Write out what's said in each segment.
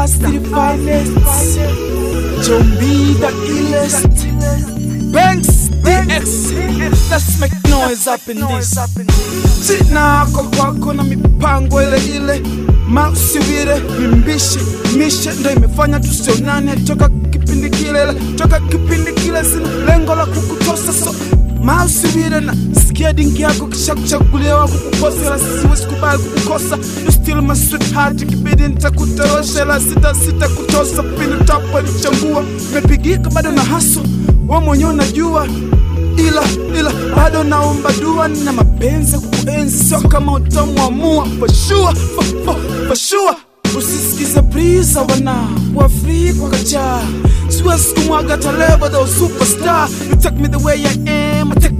past the finest the illest Banks DX Let's make noise up in this China hako kwako na mipango ile ile Mausi vile mimbishi mishe ndo imefanya tusionane toka kipindi kile toka kipindi kile sina lengola kukutosa so Mausi vile na Sikia dingi yako kisha kuchaguliwa kukukosa, la siwezi kubali kukukosa. You still my sweetheart, kibidi nitakutorosha, la sita sita kutosa pindi nichangua. Nimepigika bado na haso, wewe mwenyewe unajua ila ila bado naomba dua nina mapenzi kuenzi, sio kama utamwamua for sure Usisikize prisa wana free Waafrika wakajaa, siwezi kumwaga taleba the superstar. You take me the way I am, I take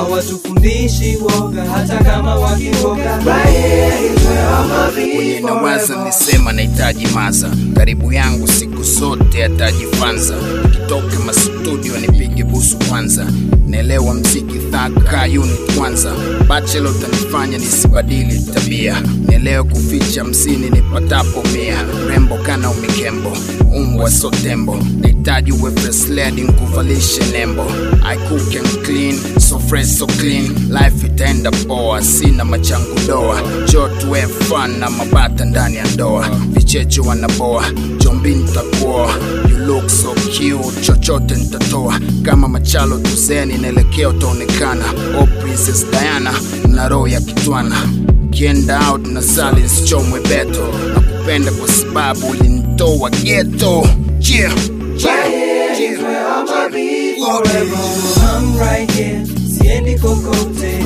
hawatufundishi woga hata kama wakiwoga mwenye nawaza nisema nahitaji maza karibu yangu siku zote atajifanza nikitoka mastudio nipige busu kwanza naelewa mziki thaka yuni kwanza bachelo tanifanya nisibadili tabia naelewa kuficha msini nipatapo mia rembo kana umikembo umbwa sotembo nahitaji uwe lady nkuvalishe nembo i cook and clean so fresh so clean, life itaenda poa, sina machangu doa, jo fun na mabata ndani ya ndoa, vicheche wana boa nitakuoa, you look so cute, chochote nitatoa, kama machalo tuzeni, naelekea utaonekana, oh princess Diana na roho ya kitwana, kienda out na sali nsichomwe beto, nakupenda kwa sababu ulinitoa geto, yeah. yeah. yeah. yeah. yeah. yeah. yeah siendi kokote,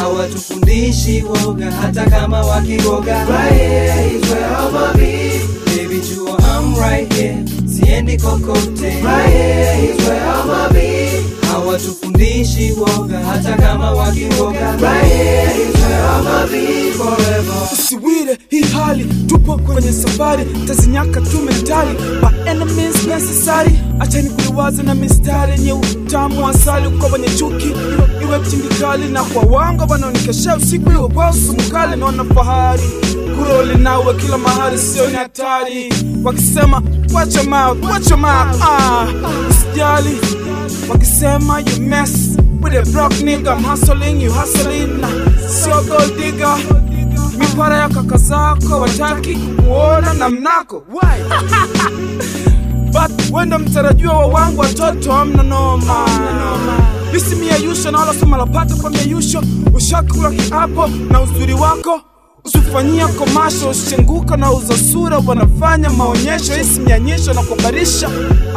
hawatufundishi woga hata kama wakigoga. Baby juo, I'm right here, siendi kokote, hawatufundishi woga hata kama wakigoga. Usiwire hii hali, tupo kwenye safari, tazinyaka tumetali, medali, enemies necessary Acheni kuliwaza na mistari yenye utamu asali uko wenye chuki iwe, iwe na kwa wango wanaonikesha usiku iwe kwao sumukali. Naona fahari kuroli nawe kila mahali, sioni hatari wakisema wacha mawe wacha ah, wakisema you mess with a broke nigga, I'm hustling you hustling na sio gold digger. Mipara ya kaka zako wataki kuona namnako but wendo mtarajiwa wangu watoto hamna noma lisimiyayusho na wala somalapata pameyusho ushakula kiapo na uzuri wako usifanyia komasho usichenguka na uzasura wanafanya maonyesho isi mianyesho na kubarisha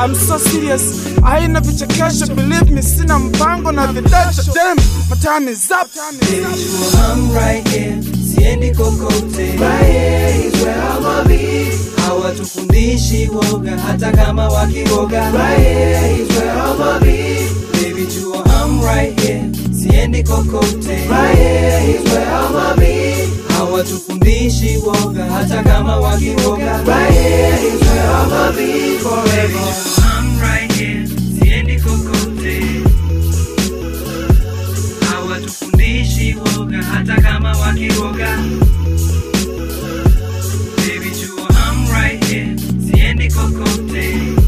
I'm so serious haina vichekesho believe me sina mpango na videsho dem my time is up Baby, I'm right here. Siendi kokote right here is where I'ma be hawatufundishi woga hata kama wakiwoga right here is where be baby I'm right here siendi kokote right here is where be hawatufundishi woga hata kama wakiwoga right here is where be forever I'm right here siendi kokote woga hata kama wakiwoga comporter.